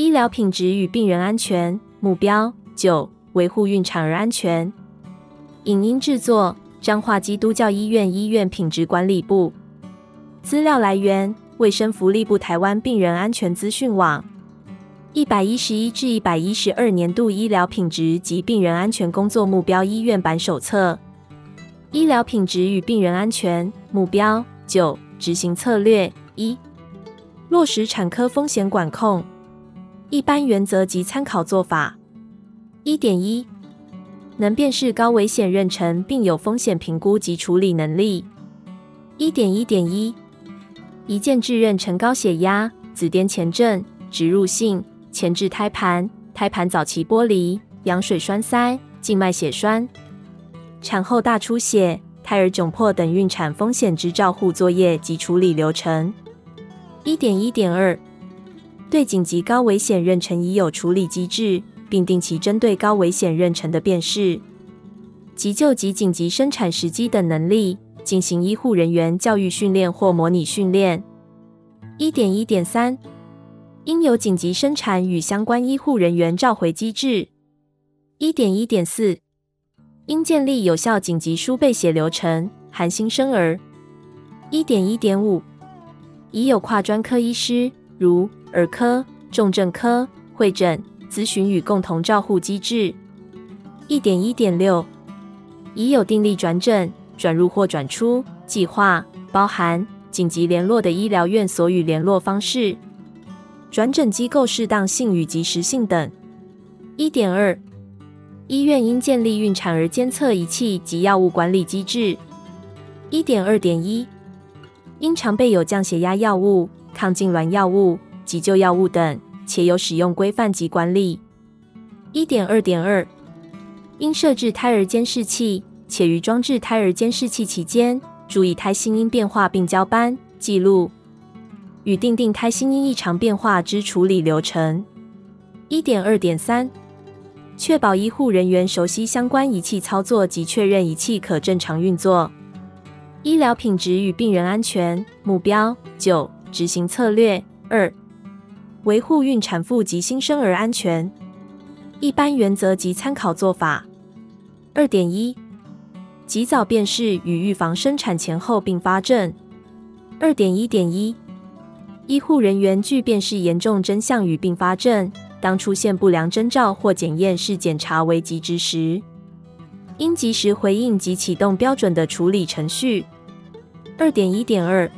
醫療品質與病人安全目標九：維護孕產兒安全。影音製作：彰化基督教醫院醫院品質管理部。資料來源：衛生福利部台灣病人安全資訊網。一百一十一至一百一十二年度醫療品質及病人安全工作目標醫院版手冊。醫療品質與病人安全目標九：執行策略一：落實產科風險管控。一般原則及參考做法：一點一，能辨識高危險妊娠並有風險評估及處理能力。1. 1. 1. 1. 一點一點一，一建置妊娠高血壓、子癲前症、植入性前置胎盤、胎盤早期剝離、羊水栓塞、靜脈血栓、產後大出血、胎兒窘迫等孕產風險之照護作業及處理流程。一點一點二。對緊急高危險妊娠已有處理機制，並定期針對高危險妊娠的辨識、急救及緊急生產時機等能力進行醫護人員教育訓練或模擬訓練。一點一點三，應有緊急生產與相關醫護人員召回機制。一點一點四，應建立有效緊急輸備血流程，含新生兒。一點一點五，已有跨專科醫師，如。兒科、重症科會診、諮詢與共同照護機制。一點一點六，已有訂立轉診、轉入或轉出計劃，包含緊急聯絡的醫療院所與聯絡方式，轉診機構適當性與及時性等。一點二，醫院應建立孕產兒監測儀器及藥物管理機制。一點二點一，應常備有降血壓藥物、抗痙攣藥物。急救藥物等，且有使用規範及管理。一點二點二，應設置胎兒監視器，且於裝置胎兒監視器期間，注意胎心音變化並交班記錄，與訂定胎心音異常變化之處理流程。一點二點三，確保醫護人員熟悉相關儀器操作及確認儀器可正常運作。1. 醫療品質與病人安全目標九，9. 執行策略二。2. 維護孕產婦及新生兒安全，一般原則及參考做法。二點一，及早辨識與預防生產前後併發症。二點一點一，醫護人員具辨識嚴重徵象與併發症，當出現不良徵兆或檢驗室檢查危急之時，應及時回應及啟動標準的處理程序。二點一點二。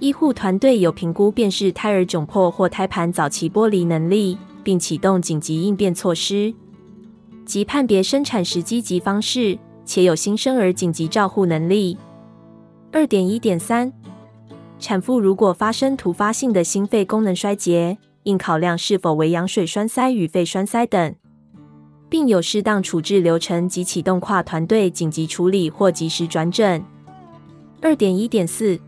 醫護團隊有評估辨識胎兒窘迫、或胎盤早期剝離能力，並啟動緊急應變措施，及判別生產時機及方式，且有新生兒緊急照護能力。二點一點三，產婦如果發生突發性的心肺功能衰竭，應考量是否為羊水栓塞與肺栓塞等，並有適當處置流程及啟動跨團隊緊急處理或及時轉診。二點一點四。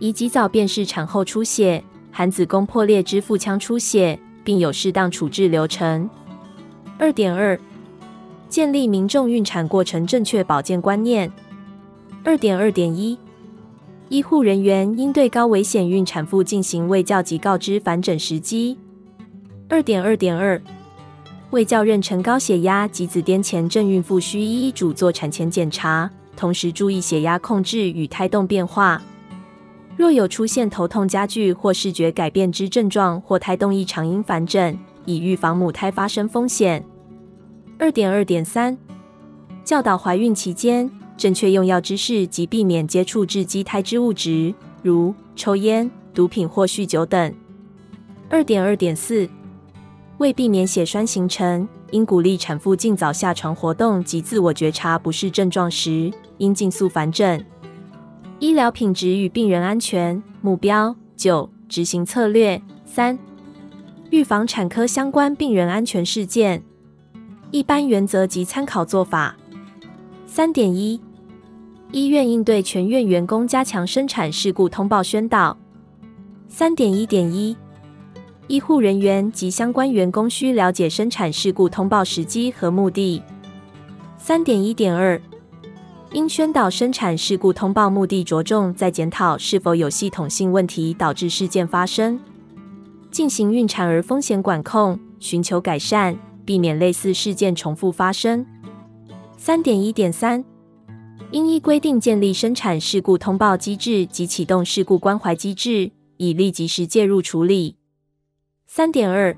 以及早辨識產後出血、含子宮破裂之腹腔出血，並有適當處置流程。二點二，建立民眾孕產過程正確保健觀念。二點二點一，醫護人員應對高危險孕產婦進行衛教及告知返診時機。二點二點二，衛教妊娠高血壓及子癲前症孕婦需依醫囑做產前檢查，同時注意血壓控制與胎動變化。若有出現頭痛加劇或視覺改變之症狀，或胎動異常，應返診以預防母胎發生風險。二點二點三，教導懷孕期間正確用藥知識及避免接觸致畸胎之物質，如抽菸、毒品或酗酒等。二點二點四，為避免血栓形成，應鼓勵產婦盡早下床活動及自我覺察不適症狀時，應盡速返診。醫療品質與病人安全目標九，執行策略三，預防產科相關病人安全事件。一般原則及參考做法。三點一，醫院應對全院員工加強生產事故通報宣導。三點一點一，醫護人員及相關員工需了解生產事故通報時機和目的。三點一點二應宣導生產事故通報目的，着重在檢討是否有系統性問題導致事件發生，進行孕產兒風險管控，尋求改善，避免類似事件重複發生。三點一點三，應依規定建立生產事故通報機制及啟動事故關懷機制，以利及時介入處理。三點二，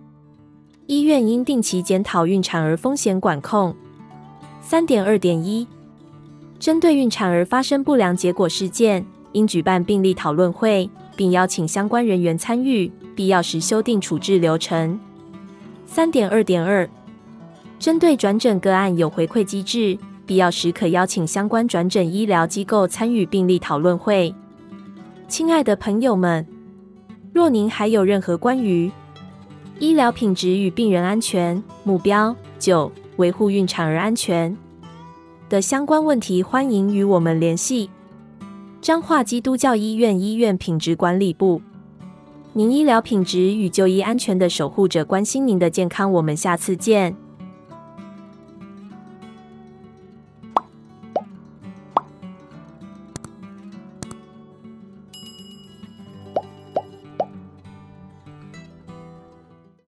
醫院應定期檢討孕產兒風險管控。三點二點一。針對孕產兒發生不良結果事件，應舉辦病例討論會，並邀請相關人員參與，必要時修訂處置流程。三點二點二，針對轉診個案有回饋機制，必要時可邀請相關轉診醫療機構參與病例討論會。親愛的朋友們，若您還有任何關於醫療品質與病人安全目標九維護孕產兒安全的相關問題，歡迎與我們聯繫。彰化基督教醫院醫院品質管理部，您醫療品質與就醫安全的守護者，關心您的健康。我們下次見。